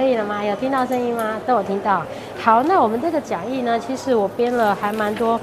可以了嗎？有聽到聲音嗎？都有聽到。好，那我們這個講義呢，其實我編了還蠻多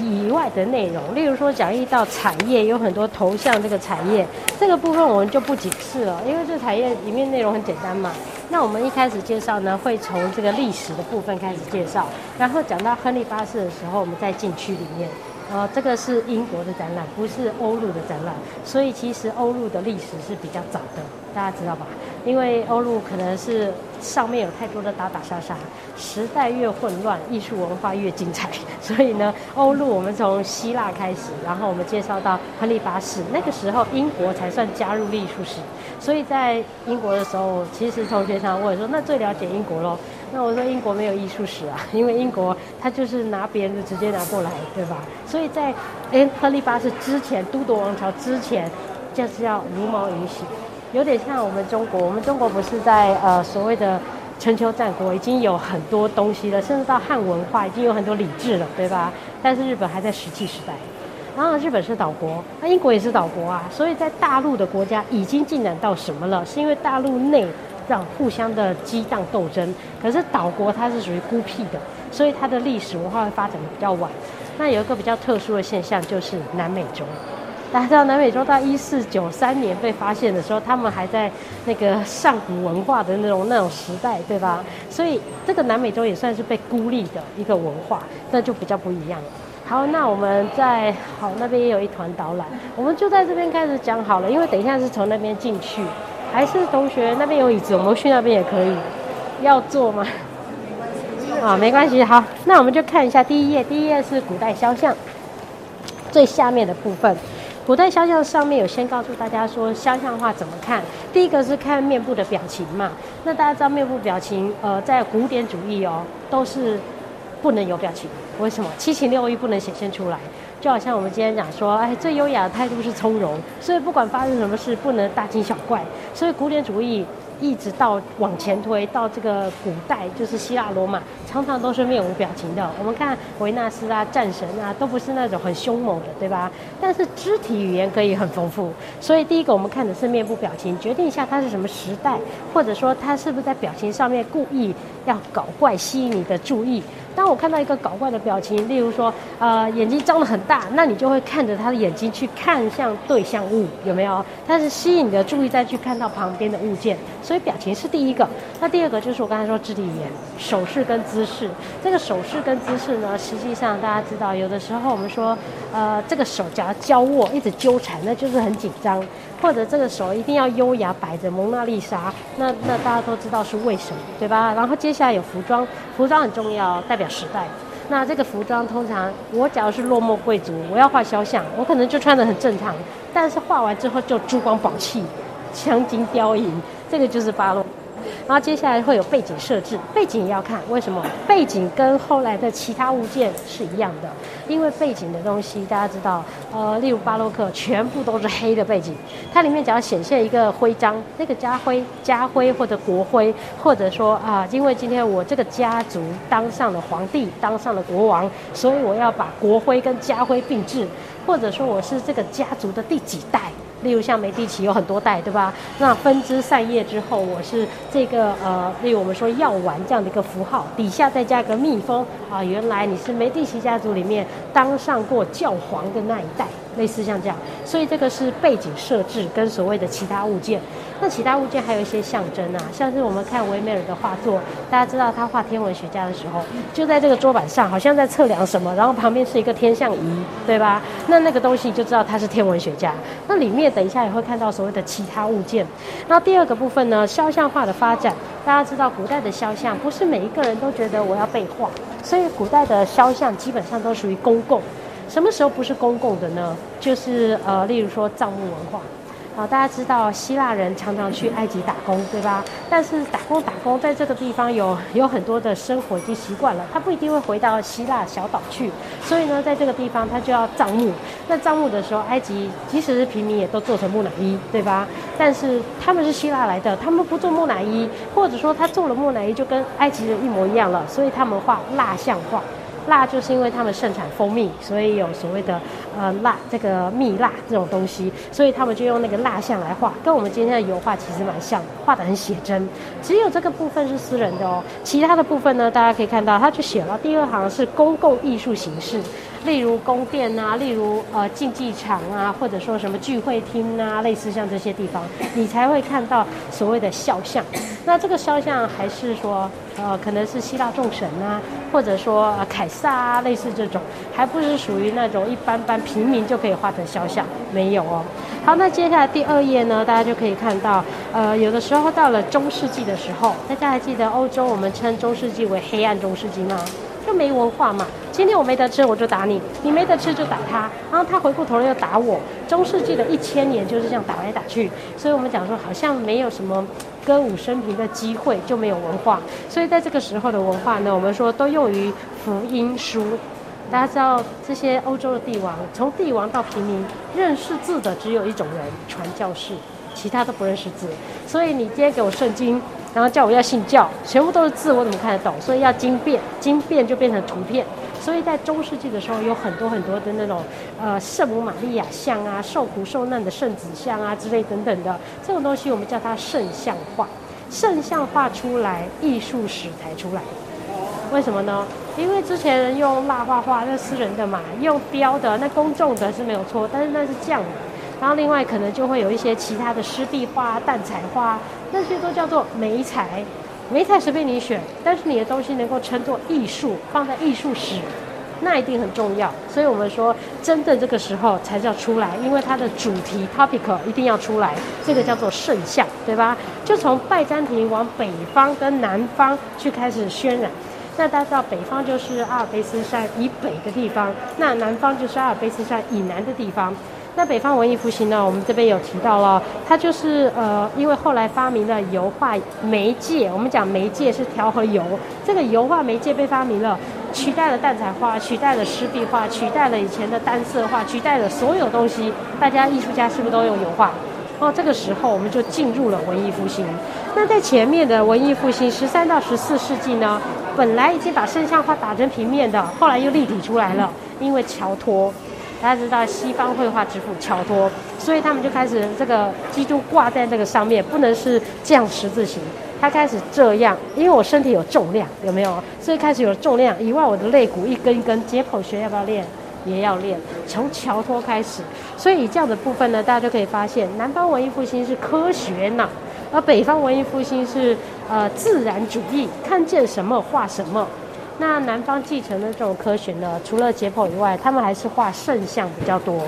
以外的內容，例如說講義到產業有很多頭像，這個產業這個部分我們就不解釋了，因為這產業裡面內容很簡單嘛。那我們一開始介紹呢，會從這個歷史的部分開始介紹，然後講到亨利八世的時候，我們再進去裡面。呃，這個是英國的展覽，不是歐陸的展覽，所以其實歐陸的歷史是比較早的，大家知道吧？因為歐陸可能是上面有太多的打打殺殺，時代越混亂，藝術文化越精彩。所以呢，歐陸我們從希臘開始，然後我們介紹到亨利八世，那個時候英國才算加入藝術史。所以在英國的時候，其實同學我問說，那最了解英國咯。那我說英國沒有藝術史啊，因為英國他就是拿別人的直接拿過來，對吧？所以在哎亨利八世之前，都鐸王朝之前，就是要如毛雨洗，有點像我們中國。我們中國不是在呃所謂的春秋戰國已經有很多東西了，甚至到漢文化已經有很多禮制了，對吧？但是日本還在石器時代，然後日本是島國，那、啊、英國也是島國啊。所以在大陸的國家已經進展到什麼了？是因為大陸內。這樣互相的激盪鬥爭，可是島國它是屬於孤僻的，所以它的歷史文化會發展的比較晚。那有一個比較特殊的現象，就是南美洲。大家知道南美洲到一四九三年被發現的時候，他們還在那個上古文化的那種那種時代，對吧？所以這個南美洲也算是被孤立的一個文化，那就比較不一樣了。好，那我們在好那邊也有一團導覽，我們就在這邊開始講好了，因為等一下是從那邊進去。還是同學那邊有椅子，我們去那邊也可以。要坐嗎？啊、哦，沒關係，好，那我們就看一下第一頁。第一頁是古代肖像，最下面的部分。古代肖像上面有先告訴大家說肖像畫怎麼看。第一個是看面部的表情嘛。那大家知道面部表情，呃，在古典主義哦、喔，都是不能有表情。為什麼？七情六欲不能顯現出來。就好像我們今天講說，哎，最優雅的態度是從容，所以不管發生什麼事，不能大驚小怪。所以古典主義一直到往前推到這個古代，就是希臘羅馬，常常都是面無表情的。我們看維納斯啊、戰神啊，都不是那種很兇猛的，對吧？但是肢體語言可以很豐富。所以第一個我們看的是面部表情，決定一下他是什麼時代，或者說他是不是在表情上面故意要搞怪，吸引你的注意。當我看到一個搞怪的表情，例如說，呃，眼睛張得很大，那你就會看着他的眼睛去看向對象物，有沒有？但是吸引你的注意，再去看到旁邊的物件。所以表情是第一個。那第二個就是我剛才說肢體語言，手勢跟姿勢。這個手勢跟姿勢呢，實際上大家知道，有的時候我們說，呃，這個手假如交握，一直糾纏，那就是很緊張。或者這個手一定要優雅擺着蒙娜麗莎，那那大家都知道是為什麼，對吧？然後接下來有服裝，服裝很重要，代表時代。那這個服裝通常，我假如是落寞貴族，我要畫肖像，我可能就穿的很正常，但是畫完之後就珠光寶氣，鑲金雕銀，這個就是巴洛然後接下來會有背景設置，背景也要看為什麼？背景跟後來的其他物件是一樣的，因為背景的東西大家知道，呃，例如巴洛克全部都是黑的背景，它裡面只要顯現一個徽章，那個家徽、家徽或者國徽，或者說啊、呃，因為今天我這個家族當上了皇帝，當上了國王，所以我要把國徽跟家徽並置，或者說我是這個家族的第幾代。例如像梅第奇有很多代，對吧？那分枝散葉之後，我是這個呃，例如我們說藥丸這樣的一個符號，底下再加一個蜜蜂。啊、呃，原來你是梅第奇家族裡面當上過教皇的那一代。類似像這樣，所以這個是背景設置跟所謂的其他物件。那其他物件還有一些象徵啊，像是我們看維梅爾的畫作，大家知道他畫天文學家的時候，就在這個桌板上，好像在測量什麼，然後旁邊是一個天象儀，對吧？那那個東西就知道他是天文學家。那裡面等一下也會看到所謂的其他物件。那第二個部分呢，肖像畫的發展，大家知道古代的肖像不是每一個人都覺得我要被畫，所以古代的肖像基本上都屬於公共。什麼時候不是公共的呢？就是呃，例如說葬墓文化，啊、呃，大家知道希臘人常常去埃及打工，對吧？但是打工打工，在這個地方有有很多的生活已經習慣了，他不一定會回到希臘小島去，所以呢，在這個地方他就要葬墓。那葬墓的時候，埃及即使是平民也都做成木乃伊，對吧？但是他們是希臘來的，他們不做木乃伊，或者說他做了木乃伊就跟埃及人一模一樣了，所以他們畫蠟像畫。蠟就是因為他們盛產蜂蜜，所以有所謂的呃蠟這個蜜蠟這種東西，所以他們就用那個蠟像來畫，跟我們今天的油畫其實蠻像的，畫得很寫真。只有這個部分是私人的哦、喔，其他的部分呢，大家可以看到，他就寫了第二行是公共藝術形式。例如宮殿啊，例如呃競技場啊，或者說什麼聚會廳啊，類似像這些地方，你才會看到所謂的肖像。那這個肖像還是說呃可能是希臘眾神啊，或者說呃凱撒啊，類似這種，還不是屬於那種一般般平民就可以畫的肖像，沒有哦。好，那接下來第二頁呢，大家就可以看到呃有的時候到了中世紀的時候，大家還記得歐洲我們稱中世紀為黑暗中世紀嗎？沒文化嘛？今天我沒得吃，我就打你；你沒得吃就打他。然後他回過頭來又打我。中世紀的一千年就是這樣打來打去，所以我們講說好像沒有什麼歌舞升平的機會，就沒有文化。所以在這個時候的文化呢，我們說都用於福音書。大家知道這些歐洲的帝王，從帝王到平民，認識字的只有一種人——傳教士。其他都不認識字，所以你今天給我聖經，然後叫我要信教，全部都是字，我怎麼看得懂？所以要經變，經變就變成圖片。所以在中世紀的時候，有很多很多的那種，呃，聖母瑪利亞像啊，受苦受難的聖子像啊之類等等的，這種東西我們叫它聖像畫。聖像畫出來，藝術史才出來。為什麼呢？因為之前用蠟畫畫那是私人的嘛，用雕的那公眾的是沒有錯，但是那是匠。然後另外可能就會有一些其他的濕壁畫、蛋彩畫，那些都叫做媒材，媒材隨便你選，但是你的東西能夠稱作藝術，放在藝術史，那一定很重要。所以我們說，真正這個時候才叫出來，因為它的主題 （topic） 一定要出來。這個叫做聖像，對吧？就從拜占庭往北方跟南方去開始渲染。那大家知道，北方就是阿爾卑斯山以北的地方，那南方就是阿爾卑斯山以南的地方。那北方文藝復興呢？我們這邊有提到了，它就是呃，因為後來發明了油畫媒介。我們講媒介是調和油，這個油畫媒介被發明了，取代了蛋彩畫，取代了濕壁畫，取代了以前的單色畫，取代了所有東西。大家藝術家是不是都用油畫？哦，這個時候我們就進入了文藝復興。那在前面的文藝復興，十三到十四世紀呢，本來已經把聖像畫打成平面的，後來又立體出來了，因為喬托。大家知道西方繪畫之父喬托，所以他們就開始這個基督掛在這個上面，不能是這樣十字形，他開始這樣，因為我身體有重量，有沒有？所以開始有重量，以外我的肋骨一根一根，解剖學要不要練？也要練，從喬托開始，所以，以這樣的部分呢，大家就可以發現，南方文藝復興是科學腦，而北方文藝復興是呃自然主義，看見什麼畫什麼。那南方繼承的這種科學呢，除了解剖以外，他們還是畫聖像比較多。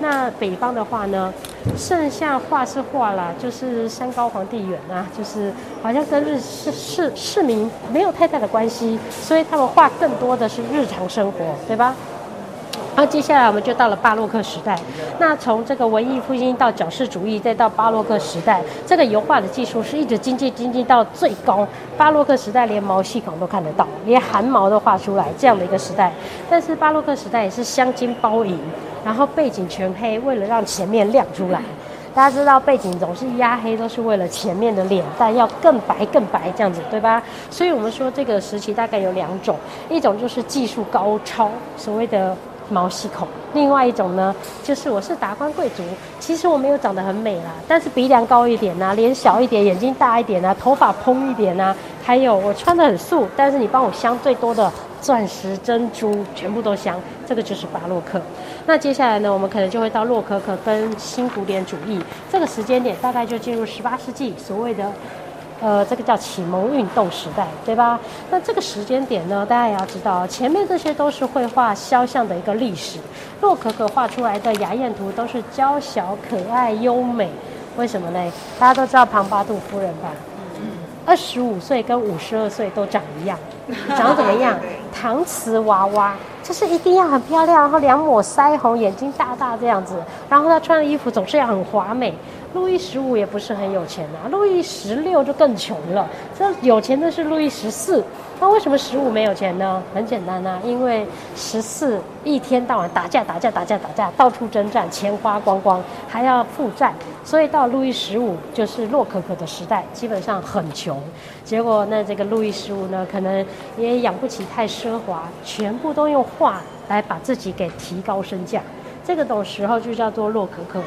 那北方的話呢，聖像畫是畫了，就是山高皇帝遠啊，就是好像跟日市市市民沒有太大的關係，所以他們畫更多的是日常生活，對吧？然後、啊、接下來我們就到了巴洛克時代。那從這個文藝復興到矯飾主義，再到巴洛克時代，這個油畫的技術是一直精進，精進到最高。巴洛克時代連毛細孔都看得到，連汗毛都畫出來這樣的一個時代。但是巴洛克時代也是鑲金包銀，然後背景全黑，為了讓前面亮出來。大家知道背景總是壓黑，都是為了前面的臉蛋要更白，更白這樣子，對吧？所以我們說這個時期大概有兩種，一種就是技術高超，所謂的。毛細孔。另外一種呢，就是我是達官貴族，其實我沒有長得很美啦，但是鼻樑高一點吶、啊，臉小一點，眼睛大一點吶、啊，頭髮蓬一點吶、啊，還有我穿得很素，但是你幫我鑲最多的鑽石、珍珠，全部都鑲。這個就是巴洛克。那接下來呢，我們可能就會到洛可可跟新古典主義。這個時間點大概就進入十八世紀，所謂的。呃，這個叫啟蒙運動時代，對吧？那這個時間點呢，大家也要知道，前面這些都是繪畫肖像的一個歷史。洛可可畫出來的雅宴圖都是嬌小可愛、優美，為什麼呢？大家都知道龐巴杜夫人吧？二十五歲跟五十二歲都長一樣，長得怎麼樣？搪瓷娃娃，就是一定要很漂亮，然後兩抹腮紅，眼睛大大這樣子，然後她穿的衣服總是要很華美。路易十五也不是很有錢吶、啊，路易十六就更窮了。這有錢的是路易十四，那為什麼十五沒有錢呢？很簡單吶、啊，因為十四一天到晚打架打架打架打架，到處征戰，錢花光光，還要負債，所以到路易十五就是洛可可的時代，基本上很窮。結果那這個路易十五呢，可能也養不起太奢華，全部都用畫來把自己給提高身價。這個懂時候就叫做洛可可嘍，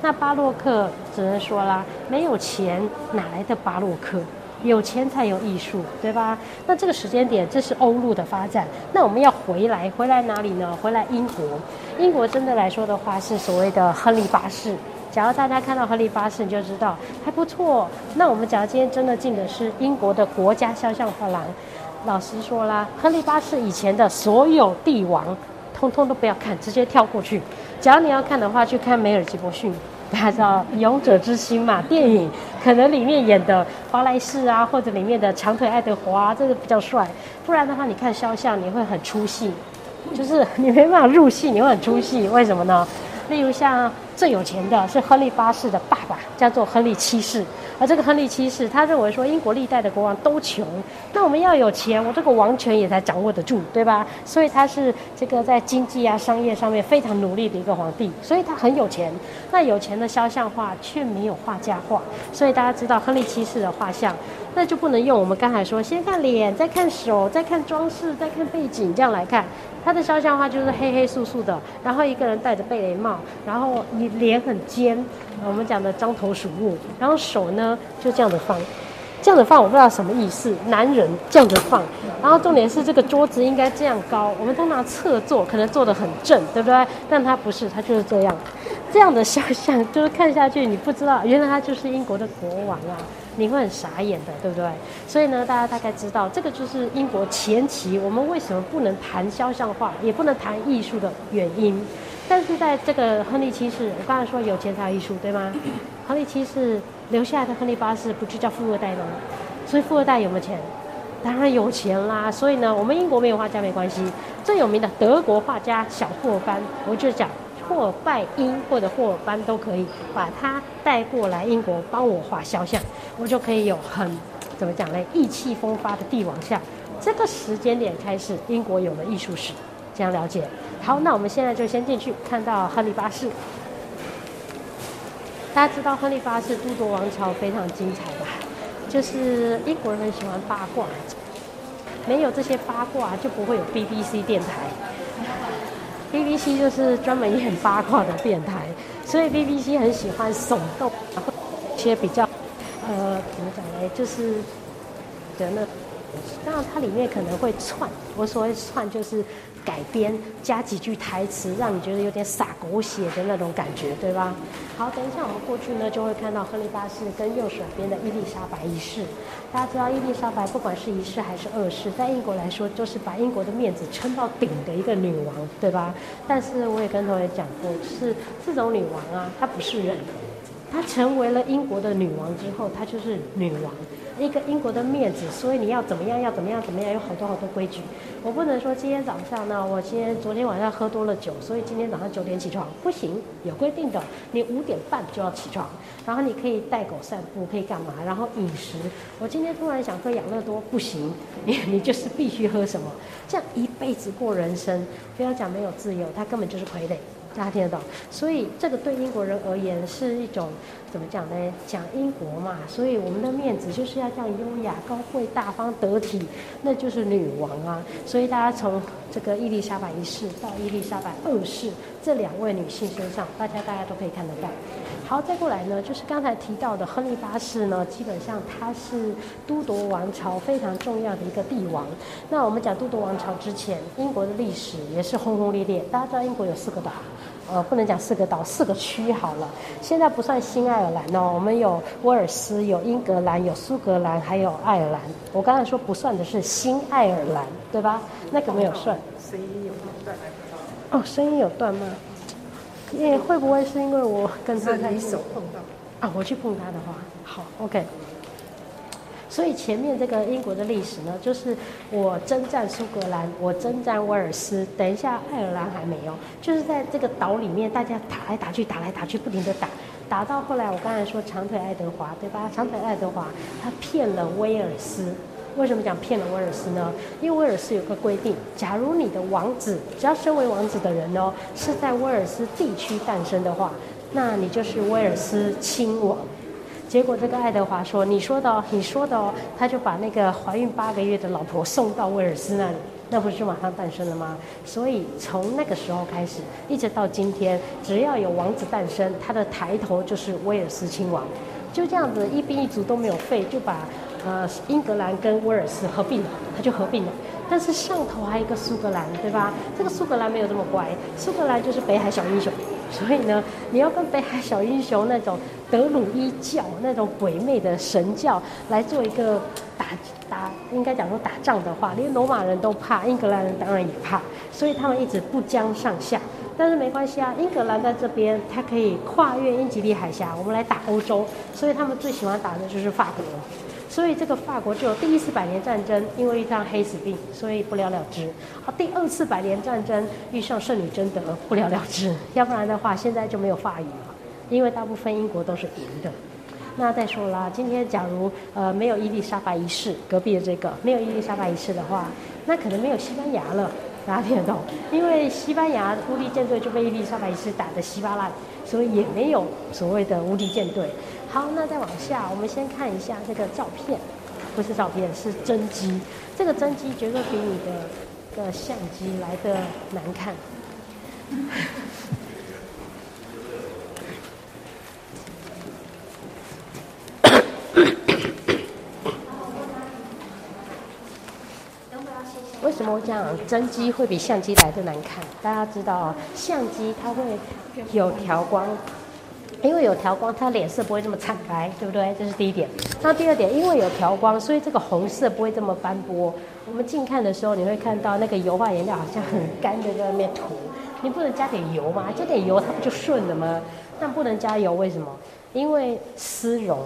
那巴洛克只能說啦，沒有錢哪來的巴洛克？有錢才有藝術，對吧？那這個時間點，這是歐陸的發展。那我們要回來，回來哪裡呢？回來英國。英國真的來說的話，是所謂的亨利八世。假如大家看到亨利八世，你就知道還不錯哦。那我們假如今天真的進的是英國的國家肖像畫廊，老實說啦，亨利八世以前的所有帝王。通通都不要看，直接跳過去。只要你要看的話，去看梅爾吉伯遜，大家知道《勇者之心》嘛？電影可能裡面演的華萊士啊，或者裡面的長腿愛德華，這個比較帥。不然的話，你看肖像，你會很出戲，就是你沒辦法入戲，你會很出戲。為什麼呢？例如像最有錢的是亨利八世的爸爸，叫做亨利七世。而這個亨利七世，他認為說英國歷代的國王都窮，那我們要有錢，我這個王權也才掌握得住，對吧？所以他是這個在經濟啊、商業上面非常努力的一個皇帝，所以他很有錢。那有錢的肖像畫卻沒有畫家畫，所以大家知道亨利七世的畫像。那就不能用。我們剛才說，先看臉，再看手，再看裝飾，再看背景，這樣來看。他的肖像畫就是黑黑素素的，然後一個人戴着貝雷帽，然後你臉很尖，我們講的獐頭鼠目，然後手呢就這樣的放，這樣的放我不知道什麼意思。男人這樣子放，然後重點是這個桌子應該這樣高，我們通常側坐，可能坐得很正，對不對？但他不是，他就是這樣。這樣的肖像就是看下去，你不知道原來他就是英國的國王啊。你會很傻眼的，對不對？所以呢，大家大概知道這個就是英國前期我們為什麼不能談肖像畫，也不能談藝術的原因。但是在這個亨利七世，我剛才說有錢才有藝術，對嗎？ 亨利七世留下來的亨利八世不就叫富二代嗎？所以富二代有沒有錢？當然有錢啦。所以呢，我們英國沒有畫家沒關係。最有名的德國畫家小霍班，我就講。霍爾拜因或者霍爾班都可以，把他帶過來英國幫我畫肖像，我就可以有很怎麼講呢？意氣風發的帝王像。這個時間點開始，英國有了藝術史，這樣了解。好，那我們現在就先進去看到亨利八世。大家知道亨利八世都鐸王朝非常精彩吧？就是英國人很喜歡八卦，沒有這些八卦就不會有 BBC 電台。BBC 就是專門演八卦的電台，所以 BBC 很喜歡聳動，然後一些比較，呃，怎麼講呢，就是娛樂呢那它裡面可能會串，我所謂串就是改編加幾句台詞，讓你覺得有點灑狗血的那種感覺，對吧？好，等一下我們過去呢，就會看到亨利八世跟右手邊的伊麗莎白一世。大家知道，伊麗莎白不管是一世還是二世，在英國來說，就是把英國的面子撐到頂的一個女王，對吧？但是我也跟同學講過，是這種女王啊，她不是人，她成為了英國的女王之後，她就是女王。一個英國的面子，所以你要怎麼樣，要怎麼樣，怎麼樣，有好多好多規矩。我不能說今天早上呢，我今天昨天晚上喝多了酒，所以今天早上九點起床不行，有規定的，你五點半就要起床，然後你可以帶狗散步，可以幹嘛？然後飲食，我今天突然想喝養樂多，不行，你你就是必須喝什麼，這樣一輩子過人生，不要講沒有自由，他根本就是傀儡。大家聽得到，所以這個對英國人而言是一種怎麼講呢？講英國嘛，所以我們的面子就是要這樣優雅、高貴、大方、得體，那就是女王啊。所以大家從這個伊麗莎白一世到伊麗莎白二世，這兩位女性身上，大家大家都可以看得到。好，再過來呢，就是剛才提到的亨利八世呢，基本上他是都鐸王朝非常重要的一個帝王。那我們講都鐸王朝之前，英國的歷史也是轟轟烈烈。大家知道英國有四個島，呃，不能講四個島，四個區好了。現在不算新愛爾蘭呢，我們有威爾斯、有英格蘭、有蘇格蘭，還有愛爾蘭。我剛才說不算的是新愛爾蘭，對吧？那個沒有算。聲音有斷嗎？哦，聲音有斷嗎？因為、yeah, 會不會是因為我跟他一手碰到啊？我去碰他的話，好，OK。所以前面這個英國的歷史呢，就是我征戰蘇格蘭，我征戰威爾斯，等一下愛爾蘭還沒有，就是在這個島裡面，大家打來打去，打來打去，不停的打，打到後來，我剛才說長腿愛德華，對吧？長腿愛德華他騙了威爾斯。為什麼講騙了威爾斯呢？因為威爾斯有個規定，假如你的王子，只要身為王子的人哦，是在威爾斯地區誕生的話，那你就是威爾斯親王。結果這個愛德華說：“你說的哦，你說的哦。”他就把那個懷孕八個月的老婆送到威爾斯那裡，那不是馬上誕生了嗎？所以從那個時候開始，一直到今天，只要有王子誕生，他的抬頭就是威爾斯親王。就這樣子，一兵一卒都沒有廢，就把。呃，英格蘭跟威爾斯合併了，他就合併了。但是上頭還有一個蘇格蘭，對吧？這個蘇格蘭沒有這麼乖，蘇格蘭就是北海小英雄。所以呢，你要跟北海小英雄那種德魯伊教那種鬼魅的神教來做一個打打，應該講說打仗的話，連羅馬人都怕，英格蘭人當然也怕。所以他們一直不相上下。但是沒關係啊，英格蘭在這邊，他可以跨越英吉利海峽，我們來打歐洲。所以他們最喜歡打的就是法國。所以這個法國就有第一次百年戰爭，因為遇上黑死病，所以不了了之。好，第二次百年戰爭遇上聖女貞德，不了了之。要不然的話，現在就沒有法語了，因為大部分英國都是贏的。那再說了，今天假如呃沒有伊麗莎白一世隔壁的這個沒有伊麗莎白一世的話，那可能沒有西班牙了。大家聽得懂，因為西班牙的無敵艦隊就被伊麗莎白一世打得稀巴爛。所以也沒有所謂的無敵艦隊。好，那再往下，我們先看一下這個照片，不是照片，是真機。這個真機絕對比你的，的相機來得難看。 這樣，真跡會比相機來得難看。大家知道啊，相機它會有調光，因為有調光，它臉色不會這麼慘白，對不對？這是第一點。那第二點，因為有調光，所以這個紅色不會這麼斑駁。我們近看的時候，你會看到那個油畫顏料好像很乾的在那邊塗，你不能加點油嗎？加點油它不就順了嗎？但不能加油，為什麼？因為絲絨。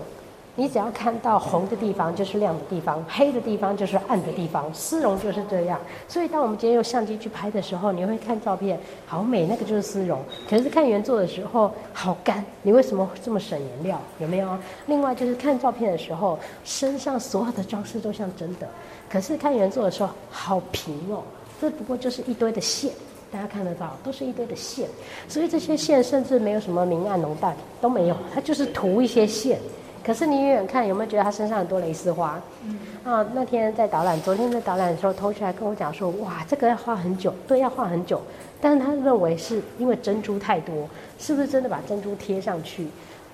你只要看到紅的地方就是亮的地方，黑的地方就是暗的地方。絲絨就是這樣，所以當我們今天用相機去拍的時候，你會看照片好美，那個就是絲絨。可是看原作的時候好乾，你為什麼這麼省顏料有沒有？另外就是看照片的時候，身上所有的裝飾都像真的，可是看原作的時候好平哦，這不過就是一堆的線，大家看得到，都是一堆的線。所以這些線甚至沒有什麼明暗濃淡都沒有，它就是塗一些線。可是你遠遠看有沒有覺得他身上很多蕾絲花？嗯啊，那天在導覽，昨天在導覽的時候，同學還跟我講說，哇，這個要畫很久，對，要畫很久。但是他認為是因為珍珠太多，是不是真的把珍珠貼上去？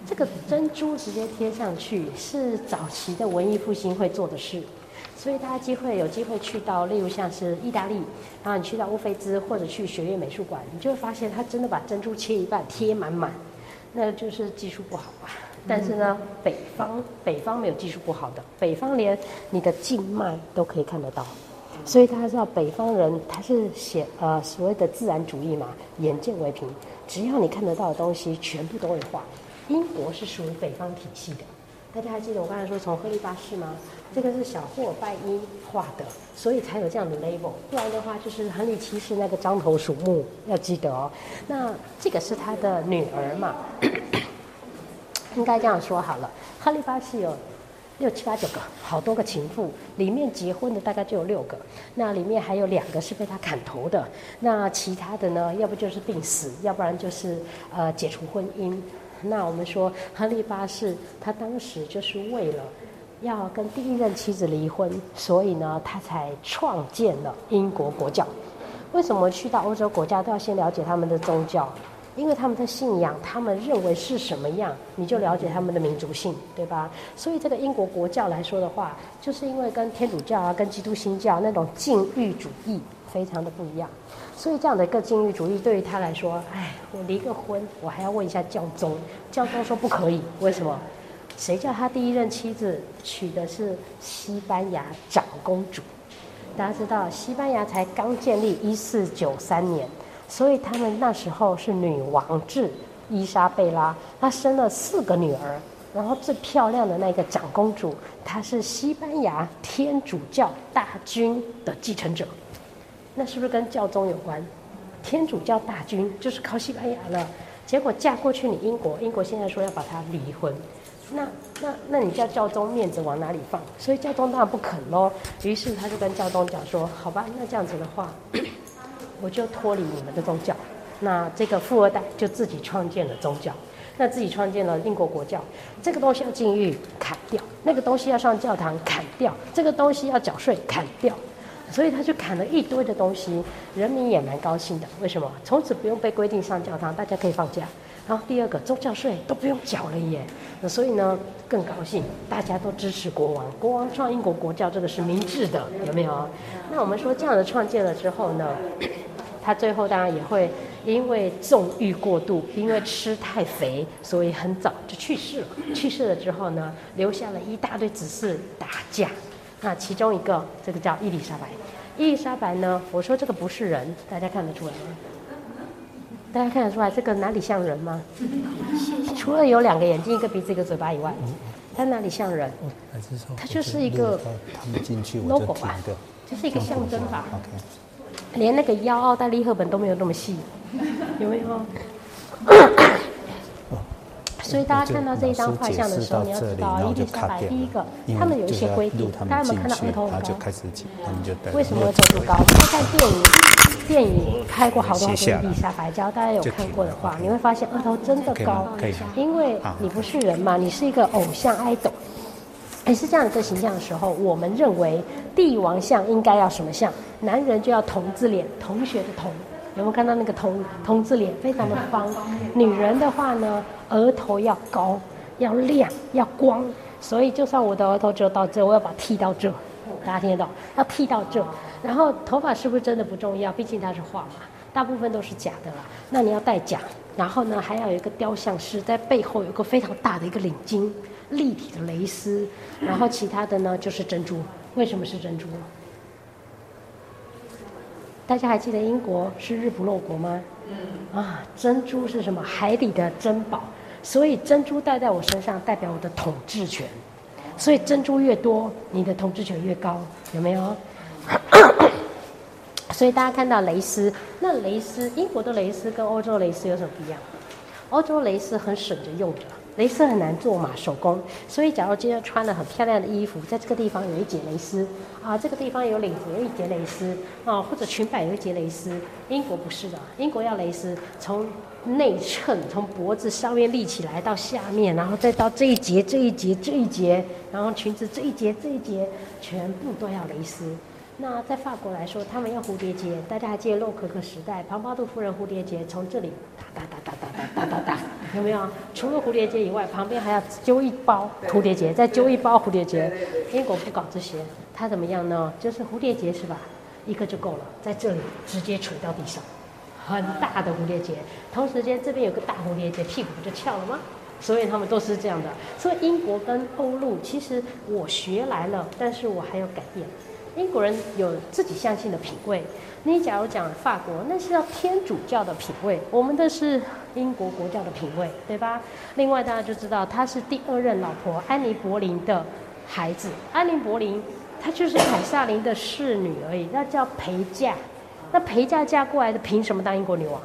這個珍珠直接貼上去是早期的文藝復興會做的事，所以大家機會有機會去到，例如像是意大利，然後你去到烏菲茲或者去學院美術館，你就會發現他真的把珍珠切一半貼滿滿，那就是技術不好吧啊。但是呢，嗯、北方北方沒有技術不好的，北方連你的靜脈都可以看得到，所以大家知道北方人他是寫呃所謂的自然主義嘛，眼見為憑，只要你看得到的東西，全部都會畫。英國是屬於北方體系的，大家還記得我剛才說從亨利八世嗎？這個是小霍爾拜因畫的，所以才有這樣的 label。不然的話就是亨利七世那個獐頭鼠目，要記得哦。那這個是他的女兒嘛？ 應該這樣說好了，亨利八世有六七八九個，好多個情婦，裡面結婚的大概就有六個，那裡面還有兩個是被他砍頭的，那其他的呢，要不就是病死，要不然就是呃解除婚姻。那我們說，亨利八世他當時就是為了要跟第一任妻子離婚，所以呢，他才創建了英國國教。為什麼去到歐洲國家都要先了解他們的宗教？因為他們的信仰，他們認為是什麼樣，你就了解他們的民族性，對吧？所以，這個英國國教來說的話，就是因為跟天主教啊、跟基督新教那種禁慾主義非常的不一樣。所以，這樣的一個禁慾主義對於他來說，唉，我離個婚，我還要問一下教宗，教宗說不可以，為什麼？誰叫他第一任妻子娶的是西班牙長公主？大家知道，西班牙才剛建立，一四九三年。所以他們那時候是女王制，伊莎貝拉她生了四個女兒，然後最漂亮的那個長公主，她是西班牙天主教大軍的繼承者，那是不是跟教宗有關？天主教大軍就是靠西班牙了，結果嫁過去你英國，英國現在說要把她離婚，那那那你叫教宗面子往哪裡放？所以教宗當然不肯嘍，於是他就跟教宗講說：“好吧，那這樣子的話。” 我就脫離你們的宗教，那這個富二代就自己創建了宗教，那自己創建了英國國教，這個東西要禁欲砍掉，那個東西要上教堂砍掉，這個東西要繳稅砍掉，所以他就砍了一堆的東西，人民也蠻高興的。為什麼？從此不用被規定上教堂，大家可以放假。然後第二個，宗教稅都不用繳了耶，那所以呢更高興，大家都支持國王，國王創英國國教這個是明智的，有沒有？那我們說這樣的創建了之後呢？他最後當然也會因為縱慾過度，因為吃太肥，所以很早就去世了。去世了之後呢，留下了一大堆子嗣打架。那其中一個，這個叫伊麗莎白。伊麗莎白呢，我說這個不是人，大家看得出來，大家看得出來這個哪裡像人嗎？除了有兩個眼睛、一個鼻子、一個嘴巴以外，它哪裡像人？他它就是一個 logo 吧，就是一個象徵吧。連那個腰，奧黛麗赫本都沒有那麼細，有沒有？所以大家看到這一張畫像的時候，你要知道伊麗莎白第一個，他們有一些規定。大家有沒有看到額頭很高，為什麼會這麼高？因為在電影，電影拍過好多好多伊麗莎白膠，大家有看過的話，你會發現額頭真的高。因為你不是人嘛，你是一個偶像愛豆。還是這樣的一個形象的時候，我們認為帝王像應該要什麼像？男人就要同字臉，同學的同，有沒有看到那個同同字臉？非常的方。女人的話呢，額頭要高，要亮，要光。所以，就算我的額頭就到這，我要把它剃到這，大家聽得到，要剃到這。然後頭髮是不是真的不重要？畢竟它是畫嘛，大部分都是假的了。那你要戴假。然後呢，還要有一個雕像師，在背後有一個非常大的一個領巾。立體的蕾絲，然後其他的呢，就是珍珠。為什麼是珍珠？大家還記得英國是日不落國嗎？嗯。啊，珍珠是什麼？海底的珍寶。所以珍珠戴在我身上，代表我的統治權。所以珍珠越多，你的統治權越高，有沒有？ 所以大家看到蕾絲，那蕾絲，英國的蕾絲跟歐洲蕾絲有什麼不一樣？歐洲蕾絲很省着用的。蕾絲很難做嘛，手工。所以，假如今天穿了很漂亮的衣服，在這個地方有一截蕾絲啊，這個地方有領子，有一截蕾絲啊，或者裙襬有一截蕾絲。英國不是的，英國要蕾絲從內襯從脖子上面立起來到下面，然後再到這一截這一截這一截，然後裙子這一截這一截全部都要蕾絲。那在法國來說，他們要蝴蝶結，大家還記得洛可可時代，龐巴杜夫人蝴蝶結從這裡噠噠噠噠噠噠噠噠噠，有沒有？除了蝴蝶結以外，旁邊還要揪一包蝴蝶結，再揪一包蝴蝶結。對對對對對。英國不搞這些，他怎麼樣呢？就是蝴蝶結是吧？一個就夠了，在這裡直接垂到地上，很大的蝴蝶結。同時間這邊有個大蝴蝶結，屁股不就翹了嗎？所以他們都是這樣的。所以英國跟歐陸，其實我學來了，但是我還要改變。英國人有自己相信的品味。你假如講法國，那是要天主教的品味；我們的是英國國教的品味，對吧？另外大家就知道她是第二任老婆安妮·博林的孩子，安妮·博林她就是凱薩琳的侍女而已，那叫陪嫁。那陪嫁嫁過來的憑什麼當英國女王？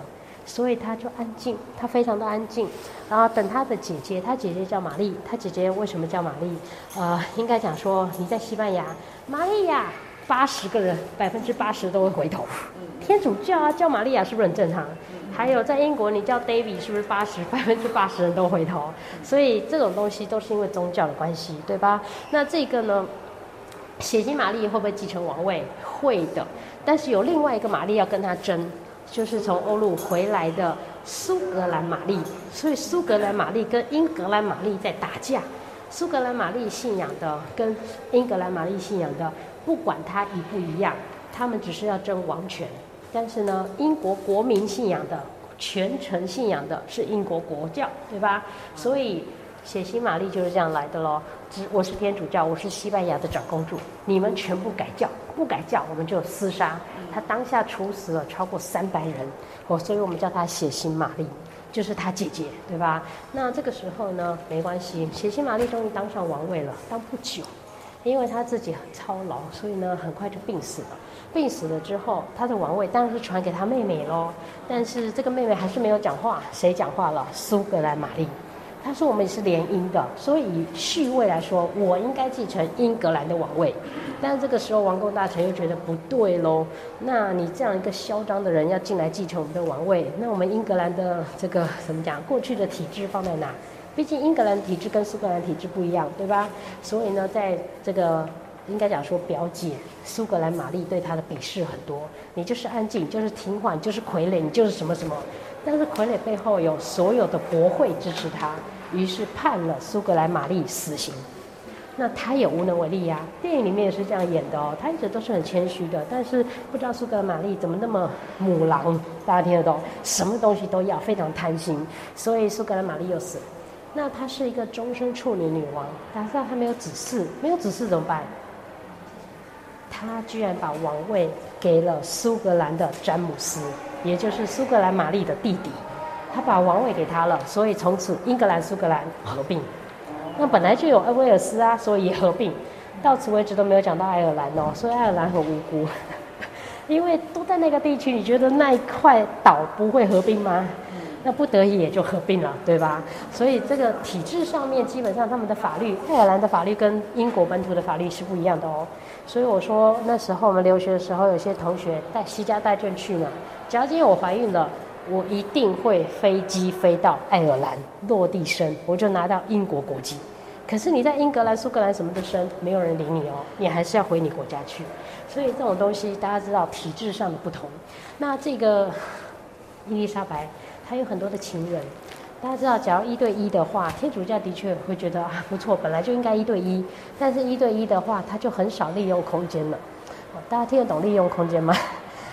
所以她就安靜，她非常的安靜。然後等她的姐姐，她姐姐叫瑪麗，她姐姐為什麼叫瑪麗？呃，應該講說你在西班牙，瑪麗亞。八十個人，百分之八十都會回頭。天主教啊，叫瑪利亞是不是很正常？還有在英國，你叫 David 是不是八十百分之八十人都回頭？所以這種東西都是因為宗教的關係，對吧？那這個呢，血腥瑪麗會不會繼承王位？會的。但是有另外一個瑪麗要跟他爭，就是從歐陸回來的蘇格蘭瑪麗。所以蘇格蘭瑪麗跟英格蘭瑪麗在打架。蘇格蘭瑪麗信仰的跟英格蘭瑪麗信仰的。不管他一不一樣，他們只是要爭王權。但是呢，英國國民信仰的、全誠信仰的是英國國教，對吧？所以血腥瑪麗就是這樣來的咯。只我是天主教，我是西班牙的長公主，你們全部改教，不改教我們就厮殺。他當下處死了超過三百人，我，所以我們叫他血腥瑪麗，就是他姐姐，對吧？那這個時候呢，沒關係，血腥瑪麗終於當上王位了，但不久。因為他自己很操勞，所以呢很快就病死了。病死了之後，他的王位當然是傳給他妹妹咯。但是這個妹妹還是沒有講話，誰講話了？蘇格蘭瑪麗。她說我們也是聯姻的，所以，以續位來說，我應該繼承英格蘭的王位。但這個時候王公大臣又覺得不對咯。那你這樣一個囂張的人要進來繼承我們的王位，那我們英格蘭的這個怎麼講？過去的體制放在哪？畢竟英格蘭體制跟蘇格蘭體制不一樣，對吧？所以呢，在這個應該講說，表姐蘇格蘭瑪麗對他的鄙視很多。你就是安靜，就是聽話，就是傀儡，你就是什麼什麼。但是傀儡背後有所有的國會支持他，於是判了蘇格蘭瑪麗死刑。那他也無能為力呀、啊。電影裡面也是這樣演的哦。他一直都是很謙虛的，但是不知道蘇格蘭瑪麗怎麼那麼母狼？大家聽得懂？什麼東西都要，非常貪心。所以蘇格蘭瑪麗又死了。那她是一個終身處女女王，但是她沒有子嗣，沒有子嗣怎麼辦？她居然把王位給了蘇格蘭的詹姆斯，也就是蘇格蘭瑪麗的弟弟，她把王位給他了，所以從此英格蘭蘇格蘭合併。那本來就有阿威爾斯啊，所以也合併。到此為止都沒有講到愛爾蘭哦，所以愛爾蘭很無辜， 因為都在那個地區，你覺得那一塊島不會合併嗎？那不得已也就合併了，對吧？所以這個體制上面，基本上他們的法律，愛爾蘭的法律跟英國本土的法律是不一樣的哦。所以我說那時候我們留學的時候，有些同學攜家帶眷去嘛。只要今天我懷孕了，我一定會飛機飛到愛爾蘭落地生，我就拿到英國國籍。可是你在英格蘭、蘇格蘭什麼的生，沒有人理你哦，你還是要回你國家去。所以這種東西大家知道體制上的不同。那這個伊麗莎白。他有很多的情人，大家知道，假如一對一的話，天主教的確會覺得啊不錯，本來就應該一對一。但是，一對一的話，他就很少利用空間了。哦，大家聽得懂利用空間嗎？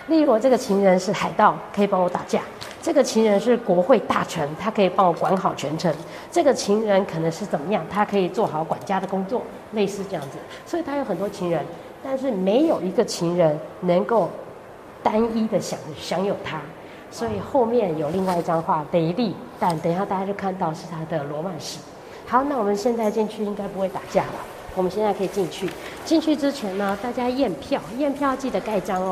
例如，我這個情人是海盜，可以幫我打架；這個情人是國會大臣，他可以幫我管好全城；這個情人可能是怎麼樣，他可以做好管家的工作，類似這樣子。所以他有很多情人，但是沒有一個情人能夠單一的享享有他。所以後面有另外一張畫，雷利，但等一下大家就看到是他的羅曼史。好，那我們現在進去應該不會打架了。我們現在可以進去，進去之前呢，大家驗票，驗票要記得蓋章哦、喔。